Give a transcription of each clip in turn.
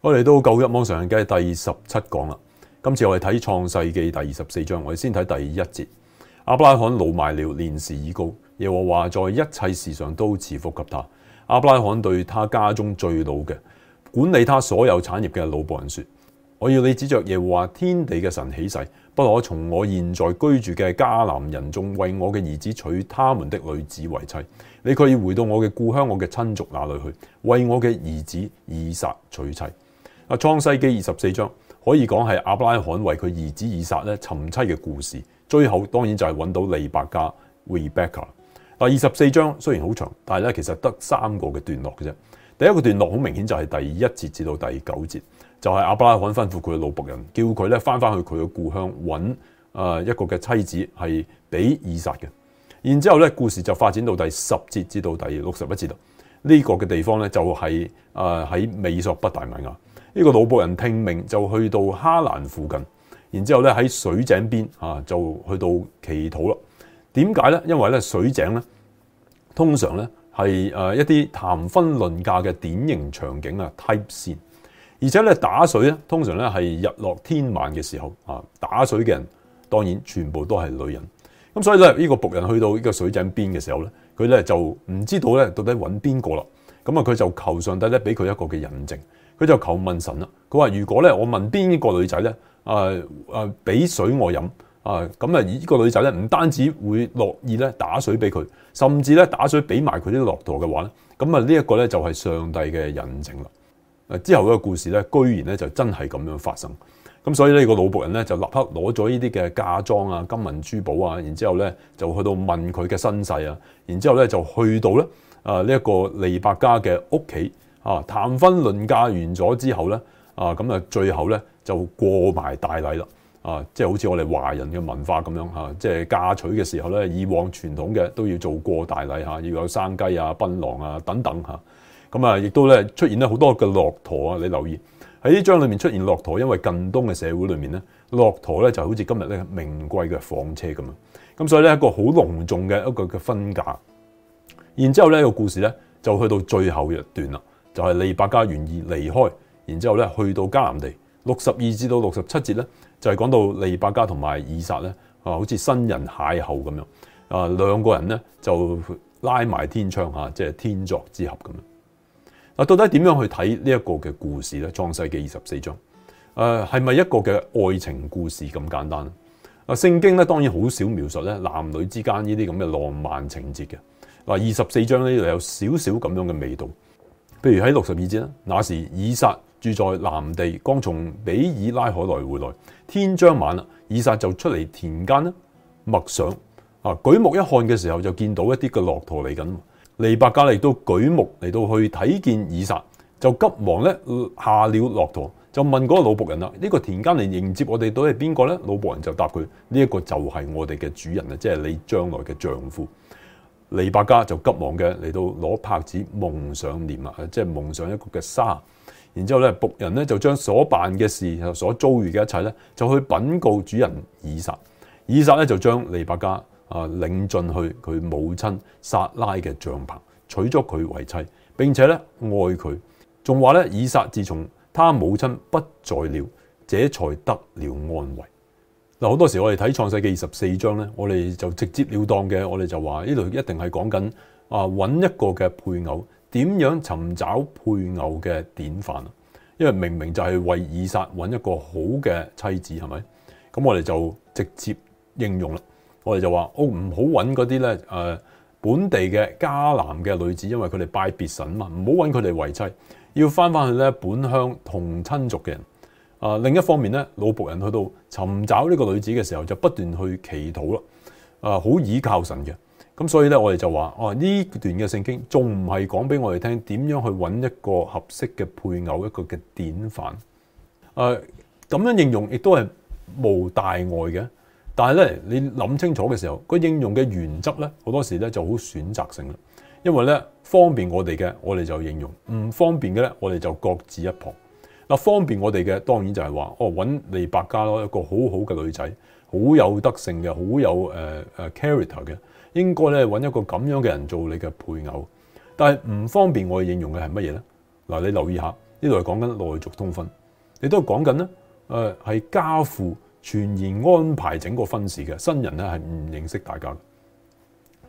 我哋到舊約網上行嘅第十七講啦。今次我哋睇《創世記》第二十四章，我哋先睇第一節。亞伯拉罕老邁了，年事已高。耶和華在一切事上都賜福給他。亞伯拉罕對他家中最老嘅管理他所有產業嘅老僕人說：我要你指着耶和華天地嘅神起誓，不可從我現在居住嘅迦南人中為我嘅兒子娶他們的女子為妻。你可以回到我嘅故鄉，我嘅親族那裏去，為我嘅兒子以撒娶妻。阿創世記二十四章可以講係亞伯拉罕為佢兒子以撒咧尋妻嘅故事。最後當然就係揾到利百加。Rebecca。嗱，二十四章雖然好長，但係咧其實得三個嘅段落嘅啫。第一個段落好明顯就係第一節至到第九節，就係、是、亞伯拉罕吩咐佢嘅老僕人叫佢咧返返去佢嘅故鄉揾啊一個嘅妻子係俾以撒嘅。然之後咧，故事就發展到第十節至到第六十一節度呢、這個嘅地方咧就係啊喺美索不達米亞。呢、這個老僕人聽命就去到哈蘭附近，然之後咧喺水井邊啊，就去到祈禱啦。點解呢？因為咧水井咧，通常咧係誒一啲談婚論嫁嘅典型場景啊，type scene。而且咧打水咧，通常咧係日落天晚嘅時候啊，打水嘅人當然全部都係女人。咁所以咧，呢個僕人去到呢個水井邊嘅時候咧，佢咧就唔知道咧到底揾邊個啦。咁啊，佢就求上帝咧俾佢一個嘅引證。佢就求問神啦，佢話：如果咧我問邊一個女仔咧，誒誒俾水我飲，啊咁啊呢個女仔咧唔單止會樂意咧打水俾佢，甚至咧打水俾埋佢啲駱駝嘅話咧，咁啊呢一個咧就係上帝嘅人情啦。之後嘅故事咧，居然咧就真係咁樣發生。咁所以呢個老僕人咧就立刻攞咗呢啲嘅嫁妝啊、金銀珠寶啊，然之後咧就，就去到問佢嘅身世啊，然之後咧就去到咧誒呢一個利百加嘅屋企。啊！談婚論嫁完咗之後咧，啊咁啊，最後咧就過埋大禮啦。啊，即係好似我哋華人嘅文化咁樣嚇，即係嫁娶嘅時候咧，以往傳統嘅都要做過大禮嚇，要有生雞啊、檳榔啊等等嚇。咁啊，亦都咧出現咗好多嘅駱駝啊。你留意喺呢張裏面出現駱駝，因為近東嘅社會裏面咧，駱駝咧就好似今日咧名貴嘅房車咁樣。咁所以咧一個好隆重嘅一個嘅婚嫁，然之後呢，個故事咧就去到最後一段啦。就係、是、利百嘉願意離開，然之後咧去到迦南地六十二至到六十七節咧，就係、是、講到利百嘉同埋以撒咧啊，好似新人邂逅咁樣啊，兩個人咧就拉埋天窗嚇，即係天作之合咁樣。啊，到底點樣去睇呢創世24章是不是一個嘅故事咧？創世記二十四章，誒係咪一個嘅愛情故事咁簡單啊？聖經咧當然好少描述咧男女之間呢啲咁嘅浪漫情節嘅，嗱二十四章呢度有少少咁樣嘅味道。譬如喺六十二節啦，那時以撒住在南地，剛從比爾拉海來回來。天將晚啦，以撒就出嚟田間啦，默想啊，舉目一看嘅時候就見到一啲嘅駱駝嚟緊。利百加都舉目嚟到去睇見以撒，就急忙咧下了駱駝，就問嗰個老僕人啦：呢、這個田間嚟迎接我哋到係邊個咧？老僕人就答佢：呢、這、一個就係我哋嘅主人啊，即、就、係、是、你將來嘅丈夫。利百加就急忙嘅嚟到攞帕子蒙上臉啊，即係蒙上一個嘅沙。然之後咧，僕人咧就將所辦嘅事，所遭遇嘅一切咧，就去禀告主人以撒。以撒咧就將利百加啊領進去佢母親撒拉嘅帳棚，娶咗佢為妻，並且咧愛佢，仲話咧以撒自從他母親不在了，這才得了安慰。嗱，好多時我哋睇創世記二十四章咧，我哋就直接了當嘅，我哋就話呢度一定係講緊啊揾一個嘅配偶，點樣尋找配偶嘅典範，因為明明就係為以撒揾一個好嘅妻子，係咪？咁我哋就直接應用啦。我哋就話，哦，唔好揾嗰啲咧誒本地嘅迦南嘅女子，因為佢哋拜別神嘛，唔好揾佢哋為妻，要翻翻去咧本鄉同親族嘅人。啊，另一方面咧，老僕人去到尋找呢個女子嘅時候，就不斷去祈禱啦，啊，好倚靠神嘅。咁所以咧，這我哋就話，哦，呢段嘅聖經仲唔係講俾我哋聽點樣去揾一個合適嘅配偶，一個嘅典範。誒、呃，咁樣應用亦都係無大礙嘅。但係咧，你諗清楚嘅時候，個應用嘅原則咧，好多時咧就好選擇性啦。因為咧，方便我哋嘅，我哋就應用；唔方便嘅咧，我哋就各自一旁。嗱，方便我哋嘅當然就係話，哦，揾利百加咯，一個好好嘅女仔，好有德性嘅，好有、uh, character 嘅，應該咧揾一個咁樣嘅人做你嘅配偶。但係唔方便我哋應用嘅係乜嘢咧？嗱，你留意下呢度係講緊內族通婚，你都係講緊咧，係、呃、家父全然安排整個婚事嘅新人咧係唔認識大家。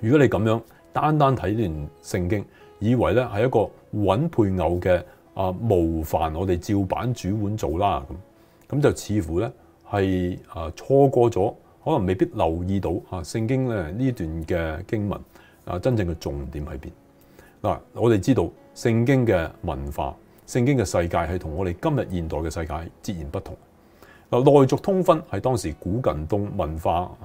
如果你咁樣單單睇呢段聖經，以為咧係一個揾配偶嘅。啊，無犯我哋照板煮碗做啦，咁咁就似乎呢，係啊錯過咗，可能未必留意到啊聖經咧呢段嘅經文啊真正嘅重點喺邊嗱？我哋知道聖經嘅文化、聖經嘅世界係同我哋今日現代嘅世界截然不同。嗱，內族通婚係當時古近東文化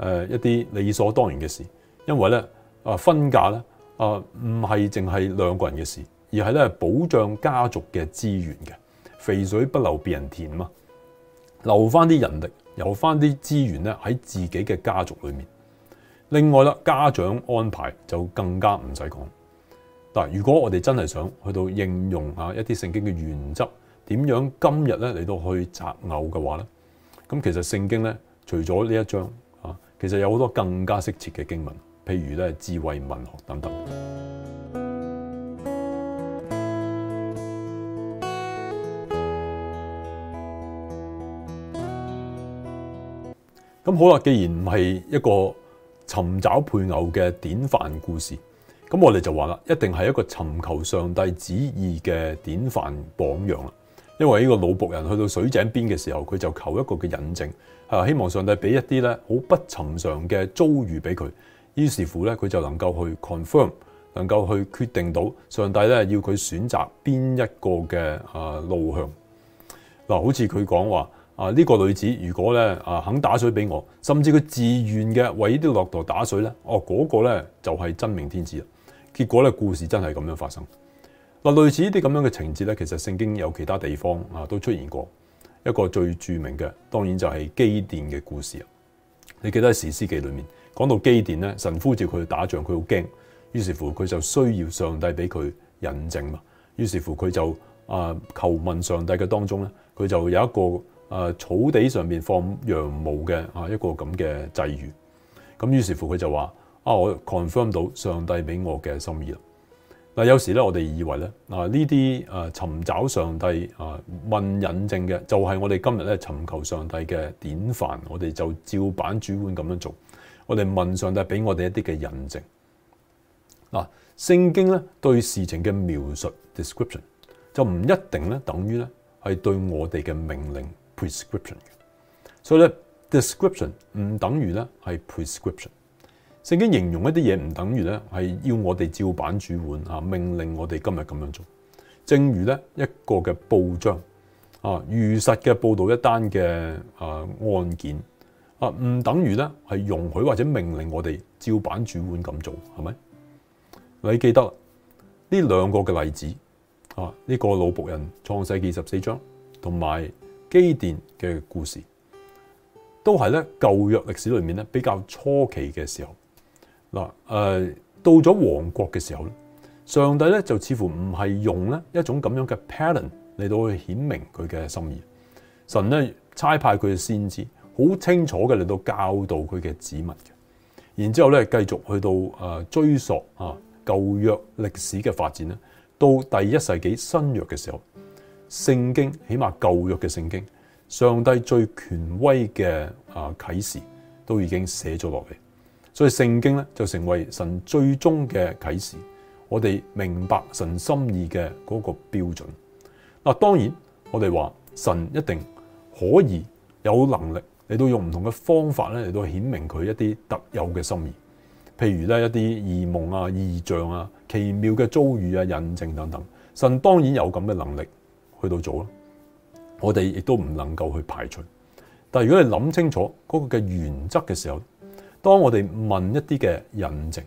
一啲理所當然嘅事，因為呢，啊婚嫁呢，啊唔係淨係兩個人嘅事。而係咧保障家族嘅資源嘅，肥水不流別人田嘛，留翻啲人力，留翻啲資源咧喺自己嘅家族裏面。另外啦，家長安排就更加唔使講。但如果我哋真係想去到應用吓一啲聖經嘅原則，點樣今日咧嚟到去擇偶嘅話咧，咁其實聖經咧除咗呢一章啊，其實有好多更加適切嘅經文，譬如咧智慧文學等等。咁好啦，既然唔係一個尋找配偶嘅典範故事，咁我哋就話啦，一定係一個尋求上帝旨意嘅典範榜樣啦。因為呢個老僕人去到水井邊嘅時候，佢就求一個嘅引證，啊，希望上帝俾一啲咧好不尋常嘅遭遇俾佢，於是乎咧佢就能夠去 confirm，能夠去決定到上帝咧要佢選擇邊一個嘅啊路向。嗱，好似佢講話。啊！呢、這個女子如果咧啊肯打水俾我，甚至佢自願嘅為呢啲駱駝打水咧，哦、啊、嗰、那個咧就係、是、真命天子啦。結果咧，故事真係咁樣發生嗱、啊。類似這這呢啲咁樣嘅情節咧，其實聖經有其他地方啊，啊都出現過一個最著名嘅，當然就係基甸嘅故事啊。你記得士師記裏面講到基甸咧，神呼召佢去打仗，佢好驚，於是乎佢就需要上帝俾佢引證嘛。於是乎佢就啊求問上帝嘅當中咧，佢就有一個。誒草地上面放羊毛嘅啊，一個咁嘅際遇咁，於是乎佢就話：啊，我 confirm 到上帝俾我嘅心意啦。嗱，有時咧，我哋以為咧呢啲誒尋找上帝啊問引證嘅，就係我哋今日咧尋求上帝嘅典範，我哋就照板煮碗咁樣做。我哋問上帝俾我哋一啲嘅引證嗱，聖經咧對事情嘅描述 description 就唔一定咧等於咧係對我哋嘅命令。prescription，所以咧 description 唔等於咧係 prescription，聖經形容一啲嘢唔等於咧係要我哋照板煮碗啊，命令我哋今日咁樣做。正如咧一個嘅報章啊，如實嘅報道一單嘅啊案件啊，唔等於咧係容許或者命令我哋照板煮碗咁做，係咪？你記得呢兩個嘅例子啊？呢、這個老僕人創世紀二十四章同埋。基甸嘅故事，都係咧舊約歷史裏面咧比較初期嘅時候。嗱，誒，到咗王國嘅時候咧，上帝咧就似乎唔係用咧一種咁樣嘅 pattern 嚟到去顯明佢嘅心意。神咧差派佢嘅先知，好清楚嘅嚟到教導佢嘅子民嘅。然之後咧繼續去到誒追溯啊舊約歷史嘅發展咧，到第一世紀新約嘅時候。聖經起碼舊約嘅聖經，上帝最權威嘅啊啟示都已經寫咗落嚟，所以聖經咧就成為神最終嘅啟示。我哋明白神心意嘅嗰個標準。嗱，當然我哋話神一定可以有能力，嚟到用唔同嘅方法咧嚟到顯明佢一啲特有嘅心意。譬如咧一啲異夢啊、異象啊、奇妙嘅遭遇啊、引證等等，神當然有咁嘅能力。去到做咯，我哋亦都唔能夠去排除。但係如果你諗清楚嗰個嘅原則嘅時候，當我哋問一啲嘅印證，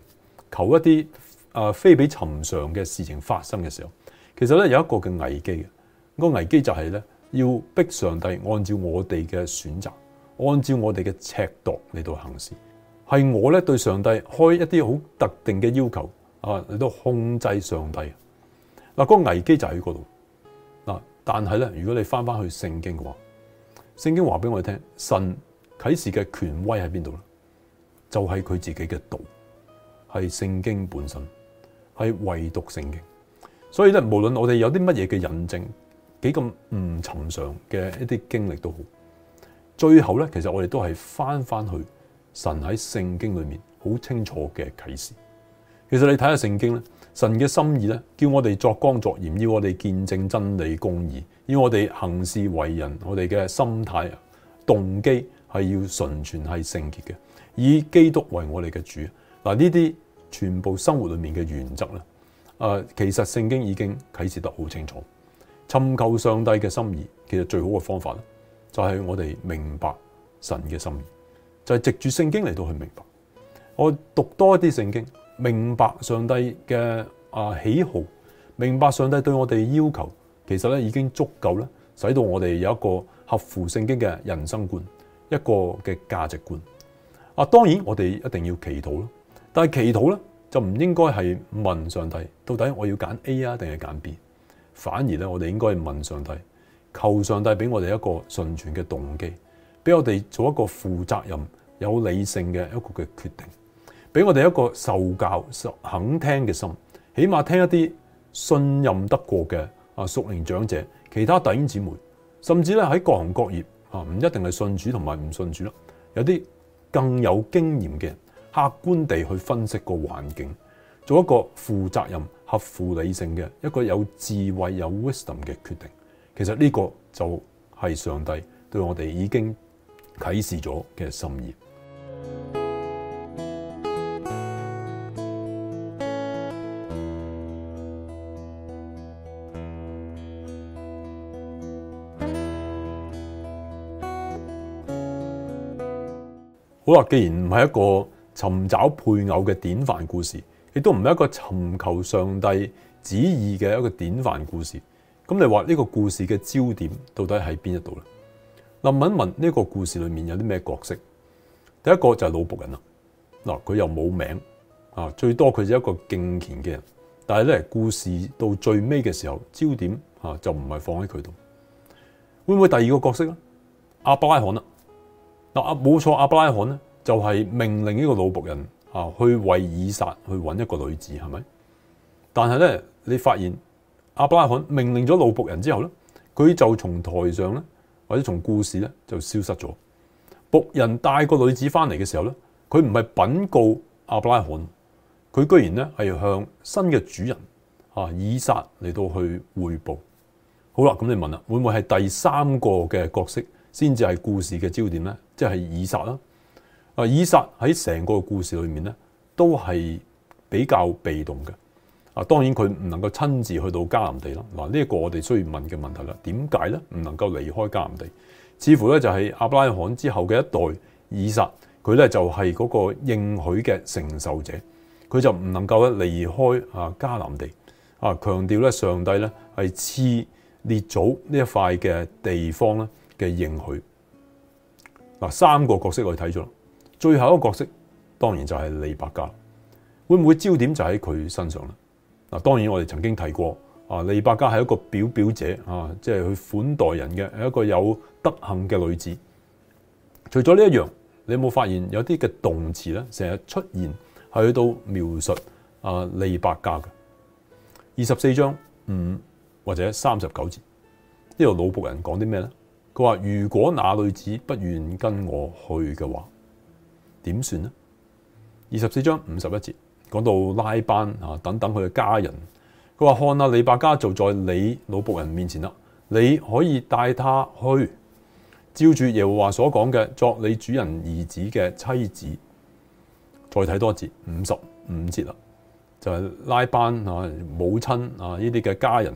求一啲非比尋常嘅事情發生嘅時候，其實咧有一個嘅危機嘅。個危機就係咧要逼上帝按照我哋嘅選擇，按照我哋嘅尺度嚟到行事，係我咧對上帝開一啲好特定嘅要求啊嚟到控制上帝，嗱，個危機就喺嗰度。但係咧，如果你翻翻去聖經嘅話，聖經話俾我哋聽，神啟示嘅權威喺邊度咧？就係、是、佢自己嘅道，係聖經本身，係唯獨聖經。所以咧，無論我哋有啲乜嘢嘅印證，幾咁唔尋常嘅一啲經歷都好，最後咧，其實我哋都係翻翻去神喺聖經裏面好清楚嘅啟示。其實你睇下聖經咧，神嘅心意咧，叫我哋作光作鹽，要我哋見證真理公義，要我哋行事為人，我哋嘅心態動機係要純全係聖潔嘅，以基督為我哋嘅主。嗱，呢啲全部生活裏面嘅原則咧，誒，其實聖經已經啟示得好清楚。尋求上帝嘅心意，其實最好嘅方法就係我哋明白神嘅心意，就係藉住聖經嚟到去明白。我讀多啲聖經。明白上帝嘅啊喜好，明白上帝對我哋要求，其實咧已經足夠使到我哋有一個合乎聖經嘅人生觀，一個嘅價值觀。啊，當然我哋一定要祈禱咯，但係祈禱咧就唔應該係問上帝到底我要揀 A 啊定係揀 B，反而咧我哋應該係問上帝，求上帝俾我哋一個順全嘅動機，俾我哋做一個負責任、有理性嘅一個嘅決定。俾我哋一個受教、肯聽嘅心，起碼聽一啲信任得過嘅啊，屬靈長者、其他弟兄姊妹，甚至咧喺各行各業啊，唔一定係信主同埋唔信主咯，有啲更有經驗嘅人，客觀地去分析個環境，做一個負責任、合乎理性嘅一個有智慧、有 wisdom 嘅決定。其實呢個就係上帝對我哋已經啟示咗嘅心意。好啦，既然唔係一個尋找配偶嘅典範故事，亦都唔係一個尋求上帝旨意嘅一個典範故事，咁你話呢個故事嘅焦點到底喺邊一度咧？嚟，問問呢個故事裏面有啲咩角色？第一個就係老僕人啦，嗱佢又冇名啊，最多佢就一個敬虔嘅人，但係咧，故事到最尾嘅時候焦點啊就唔係放喺佢度。會唔會第二個角色咧？亞伯拉罕啦。嗱，冇錯，阿伯拉罕呢就係命令呢個老僕人啊，去為以撒去揾一個女子，係咪？但係呢，你發現阿伯拉罕命令咗老僕人之後呢，佢就從台上呢，或者從故事呢，就消失咗。僕人帶個女子翻嚟嘅時候呢，佢唔係禀告阿伯拉罕，佢居然呢係向新嘅主人啊以撒嚟到去彙報。好啦，咁你問啦，會唔會係第三個嘅角色？先至係故事嘅焦點咧，即係以撒啦。啊，以撒喺成個故事裏面咧，都係比較被動嘅。啊，當然佢唔能夠親自去到迦南地啦。嗱，呢一個我哋需要問嘅問題啦，點解咧唔能夠離開迦南地？似乎咧就係亞伯拉罕之後嘅一代以撒，佢咧就係嗰個應許嘅承受者，佢就唔能夠咧離開啊迦南地。啊，強調咧上帝咧係賜列祖呢一塊嘅地方咧嘅應許。嗱，三個角色我哋睇咗，最後一個角色當然就係利百加，會唔會焦點就喺佢身上咧？嗱，當然我哋曾經提過啊，利百加係一個表表者啊，即係去款待人嘅，係一個有德行嘅女子。除咗呢一樣，你有冇發現有啲嘅動詞咧，成日出現係去到描述啊利百加嘅二十四章五或者三十九節，呢個老僕人講啲咩咧？佢話：如果那女子不願跟我去嘅話，點算咧？二十四章五十一節講到拉班啊，等等佢嘅家人。佢話：看啊，利百加就在你老僕人面前啦，你可以帶他去照住耶和華所講嘅作你主人兒子嘅妻子。再睇多一節五十五節啦，就係、是、拉班啊，母親啊，呢啲嘅家人，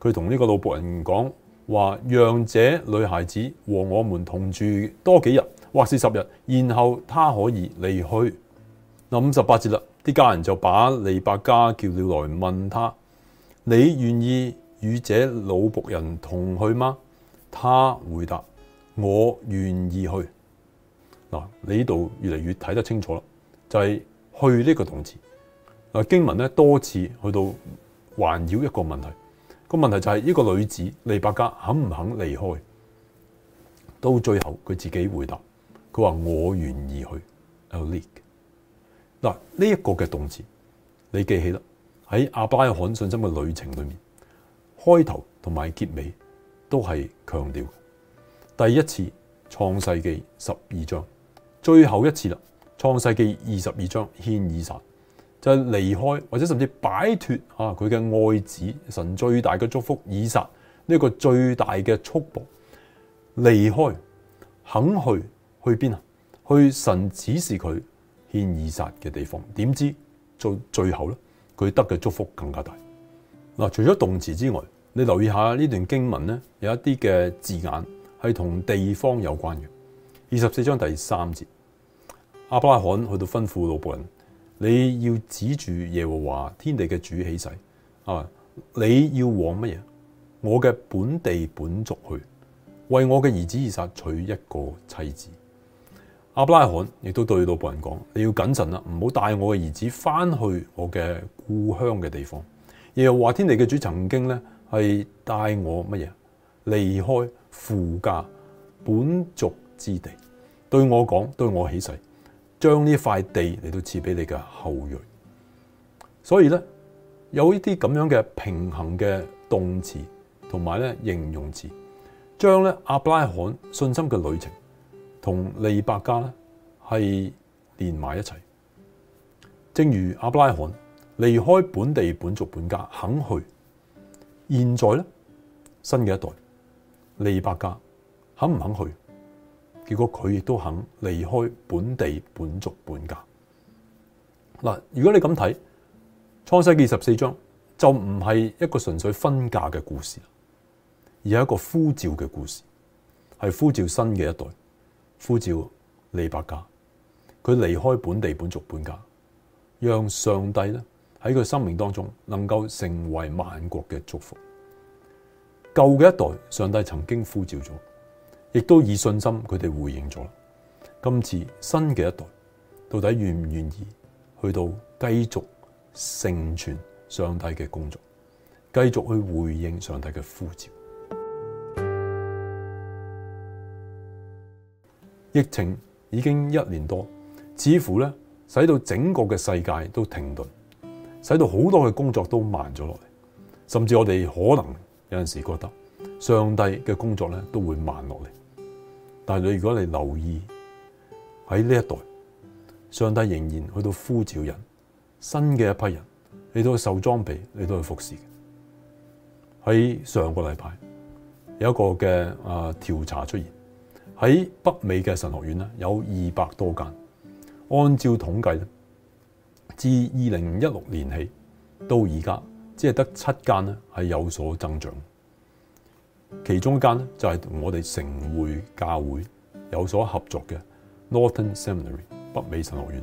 佢同呢個老僕人講。話讓這女孩子和我們同住多幾日，或是十日，然後她可以離去。嗱，五十八節啦，啲家人就把利百加叫了來，問他：你願意與這老僕人同去嗎？他回答：我願意去。嗱，你呢度越嚟越睇得清楚啦，就係、是、去呢個動詞。嗱，經文呢多次去到環繞一個問題。個問題就係、是、呢、這個女子利百加肯唔肯離開？到最後佢自己回答：佢話我願意去。leave 嗱，呢一個嘅動詞，你記起啦？喺阿巴罕信心嘅旅程裏面，開頭同埋結尾都係強調。第一次創世紀十二章，最後一次啦，創世紀二十二章，獻以撒。就離開或者甚至擺脫啊佢嘅愛子，神最大嘅祝福，以撒呢個最大嘅束縛，離開，肯去，去邊啊？去神指示佢獻以撒嘅地方。點知在最後咧，佢得嘅祝福更加大。嗱，除咗動詞之外，你留意下呢段經文咧，有一啲嘅字眼係同地方有關嘅。二十四章第三節，亞伯拉罕去到吩咐老僕人。你要指住耶和華天地嘅主起誓，啊！你要往乜嘢？我嘅本地本族去，為我嘅兒子以撒娶一個妻子。阿布拉罕亦都對老僕人講：你要謹慎啦，唔好帶我嘅兒子翻去我嘅故鄉嘅地方。耶和華天地嘅主曾經咧係帶我乜嘢離開父家本族之地，對我講對我起誓。將呢塊地嚟到賜俾你嘅後裔，所以咧有一啲咁樣嘅平衡嘅動詞同埋咧形容詞，將咧亞伯拉罕信心嘅旅程同利百加咧係連埋一齊。正如亞伯拉罕離開本地本族本家肯去，現在咧新嘅一代利百加肯唔肯去？結果佢亦都肯離開本地本族本家。嗱，如果你咁睇《創世記》二十四章，就唔係一個純粹分家嘅故事，而係一個呼召嘅故事，係呼召新嘅一代，呼召利百加。佢離開本地本族本家，讓上帝咧喺佢生命當中能夠成為萬國嘅祝福。舊嘅一代，上帝曾經呼召咗。亦都以信心，佢哋回應咗啦。今次新嘅一代，到底願唔願意去到繼續承傳上帝嘅工作，繼續去回應上帝嘅呼召？疫情已經一年多，似乎咧使到整個嘅世界都停頓，使到好多嘅工作都慢咗落嚟，甚至我哋可能有陣時覺得。上帝嘅工作咧都會慢落嚟，但係你如果你留意喺呢一代，上帝仍然去到呼召人新嘅一批人，你都去受裝備，你都去服侍。喺上個禮拜有一個嘅啊調查出現喺北美嘅神學院啦，有二百多間，按照統計咧，自二零一六年起到而家，只係得七間咧係有所增長。其中一間咧就係同我哋城會教會有所合作嘅 Northern Seminary 北美神學院，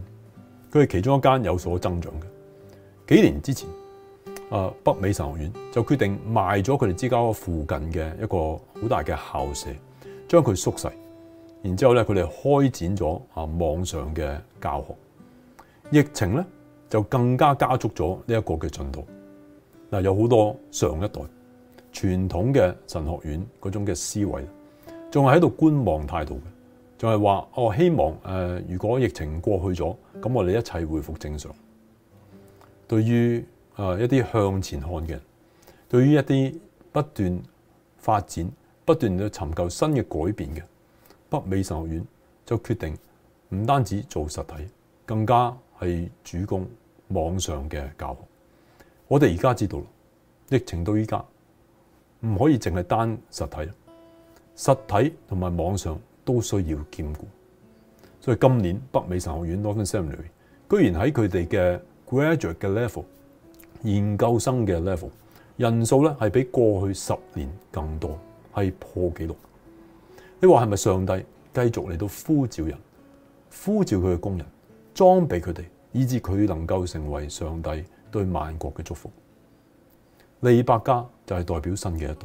佢係其中一間有所增長嘅。幾年之前，啊北美神學院就決定賣咗佢哋之間附近嘅一個好大嘅校舍，將佢縮細，然之後咧佢哋開展咗啊網上嘅教學。疫情咧就更加加速咗呢一個嘅進度。嗱，有好多上一代。傳統嘅神學院嗰種嘅思維，仲係喺度觀望態度，仲係話哦，我希望誒、呃，如果疫情過去咗，咁我哋一切回復正常。對於啊、呃、一啲向前看嘅人，對於一啲不斷發展、不斷去尋求新嘅改變嘅北美神學院，就決定唔單止做實體，更加係主攻網上嘅教學。我哋而家知道啦，疫情到依家，唔可以淨係單實體，實體同埋網上都需要兼顧。所以今年北美神學院 Northern Seminary 居然喺佢哋嘅 graduate 嘅 level、研究生嘅 level 人數咧係比過去十年更多，係破紀錄。你話係咪上帝繼續嚟到呼召人，呼召佢嘅工人，裝備佢哋，以致佢能夠成為上帝對萬國嘅祝福？利百加就係代表新嘅一代，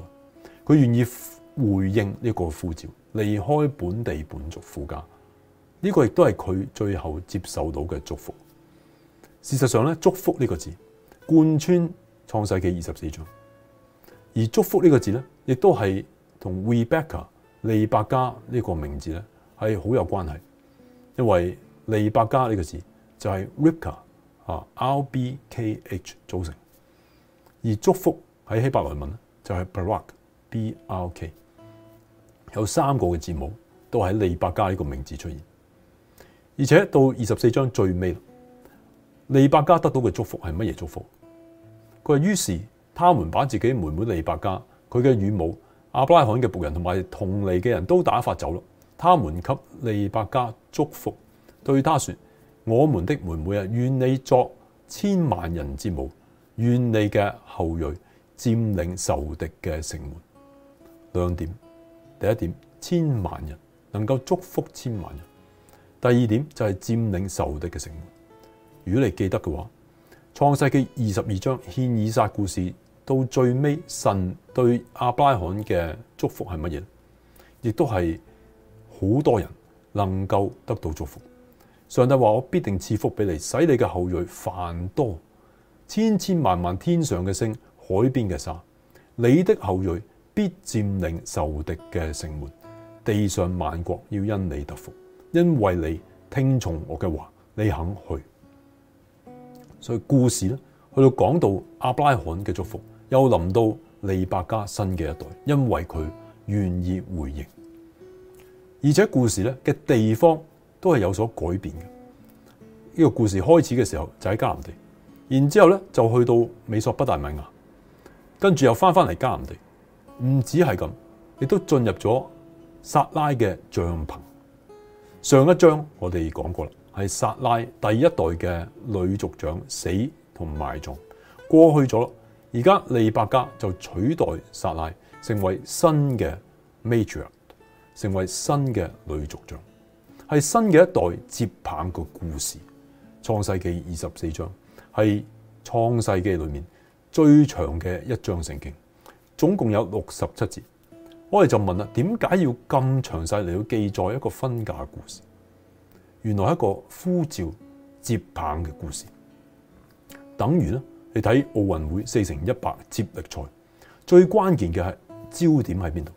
佢願意回應呢個呼召，離開本地本族父家，呢、這個亦都係佢最後接受到嘅祝福。事實上咧，祝福呢個字貫穿創世記二十四章，而祝福呢個字咧，亦都係同 Rebecca 利百加呢個名字咧係好有關係，因為利百加呢個字就係 Ribka 啊 R B K H 組成。而祝福喺希伯來文咧就係 Barak，B-R-K，有三個嘅字母都喺利百加呢個名字出現，而且到二十四章最尾，利百加得到嘅祝福係乜嘢祝福？佢話：於是他們把自己妹妹利百加，佢嘅乳母，阿布拉罕嘅僕人同埋同嚟嘅人都打發走咯。他們給利百加祝福，對他說：我們的妹妹啊，願你作千萬人之母。願你嘅後裔佔領仇敵嘅城門。兩點，第一點，千萬人能夠祝福千萬人；第二點就係佔領仇敵嘅城門。如果你記得嘅話，創世記二十二章獻以撒故事到最尾，神對亞伯拉罕嘅祝福係乜嘢？亦都係好多人能夠得到祝福。上帝話：我必定賜福俾你，使你嘅後裔繁多。千千萬萬天上嘅星，海邊嘅沙，你的後裔必佔領仇敵嘅城門，地上萬國要因你得福，因為你聽從我嘅話，你肯去。所以故事呢，去到講到亞伯拉罕嘅祝福，又臨到利百加新嘅一代，因為佢願意回應，而且故事呢嘅地方都係有所改變嘅。呢個故事開始嘅時候就喺迦南地。然之後咧，就去到美索不達米亞，跟住又返返嚟迦南地，唔止係咁，亦都進入咗撒拉嘅帳篷。上一章我哋講過啦，係撒拉第一代嘅女族長死同埋葬過去咗，而家利百加就取代撒拉成為新嘅 major，成為新嘅女族長，係新嘅一代接棒嘅故事。創世記二十四章。係創世記裏面最長嘅一章聖經，總共有六十七節。我哋就問啦：點解要咁詳細嚟到記載一個婚嫁故事？原來係一個呼召接棒嘅故事，等於咧，你睇奧運會四乘一百接力賽，最關鍵嘅係焦點喺邊度？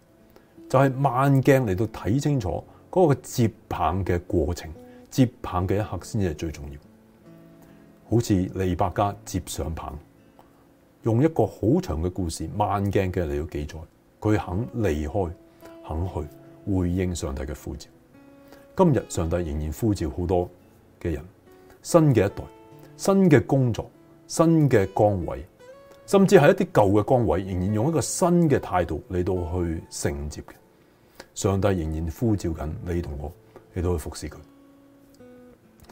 就係、是、慢鏡嚟到睇清楚嗰個接棒嘅過程，接棒嘅一刻先至係最重要。好似利百加接上棒，用一個好長嘅故事，慢鏡嘅嚟到記載，佢肯離開、肯去回應上帝嘅呼召。今日上帝仍然呼召好多嘅人，新嘅一代、新嘅工作、新嘅崗位，甚至係一啲舊嘅崗位，仍然用一個新嘅態度嚟到去承接嘅。上帝仍然呼召緊你同我嚟到去服侍佢。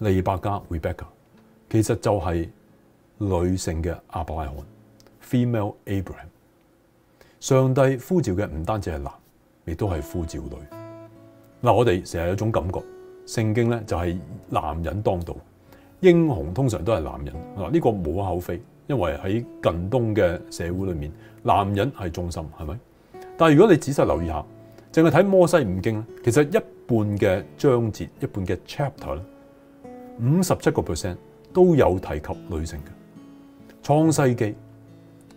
利百加 Rebecca。其實就係女性嘅亞伯拉罕 （female Abraham）。上帝呼召嘅唔單止係男，亦都係呼召女嗱。我哋成日有一種感覺，聖經咧就係男人當道，英雄通常都係男人嗱。呢個無可厚非，因為喺近東嘅社會裏面，男人係中心，係咪？但係如果你仔細留意一下，淨係睇摩西五經咧，其實一半嘅章節，一半嘅 chapter 咧，五十七個 percent。都有提及女性嘅。《創世記》，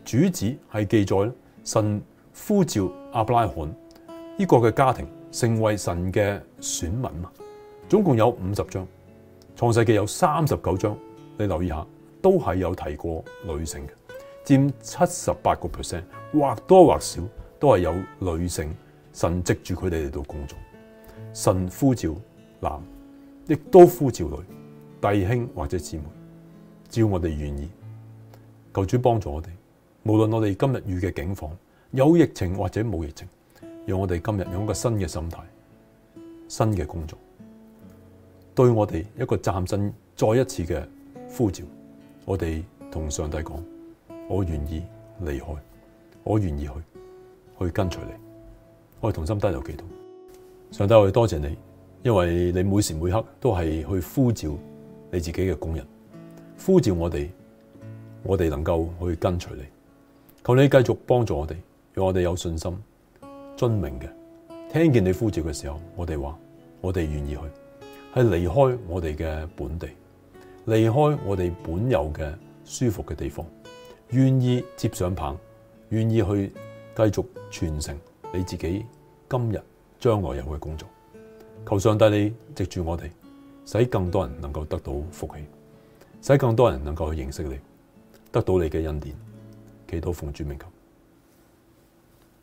主旨係記載神呼召亞伯拉罕呢個嘅家庭成為神嘅選民嘛，總共有五十章，《創世記》有三十九章，你留意下，都係有提過女性嘅，佔七十八個 percent，或多或少都係有女性，神藉住佢哋嚟到工作，神呼召男，亦都呼召女。弟兄或者姊妹，只要我哋願意，求主幫助我哋。無論我哋今日遇嘅境況有疫情或者冇疫情，讓我哋今日用一個新嘅心態、新嘅工作，對我哋一個嶄新再一次嘅呼召。我哋同上帝講：我願意離開，我願意去去跟隨你。我哋同心低頭祈禱，上帝我哋多謝你，因為你每時每刻都係去呼召。你自己嘅工人呼召我哋，我哋能夠去跟隨你。求你繼續幫助我哋，讓我哋有信心、遵命嘅。聽見你呼召嘅時候，我哋話我哋願意去，係離開我哋嘅本地，離開我哋本有嘅舒服嘅地方，願意接上棒，願意去繼續傳承你自己今日、將來有嘅工作。求上帝你藉住我哋，使更多人能夠得到福氣，使更多人能夠去認識你，得到你嘅恩典。祈禱奉主名求。